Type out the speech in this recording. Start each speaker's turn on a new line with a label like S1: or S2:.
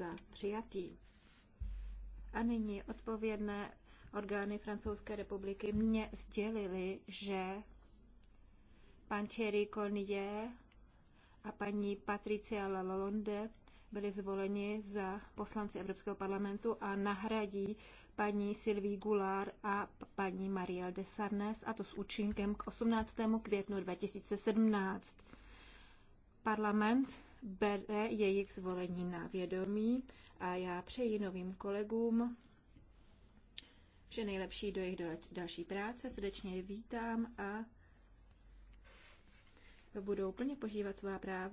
S1: za přijatý. A nyní odpovědné orgány Francouzské republiky mě sdělili, že pan Thierry Cornier a paní Patricia Lalonde byli zvoleni za poslanci Evropského parlamentu a nahradí paní Sylvie Goulard a paní Marielle de Sarnes, a to s účinkem k 18. květnu 2017. Parlament bere jejich zvolení na vědomí a já přeji novým kolegům vše nejlepší do jejich další práce. Srdečně je vítám a
S2: budou plně požívat svá práva.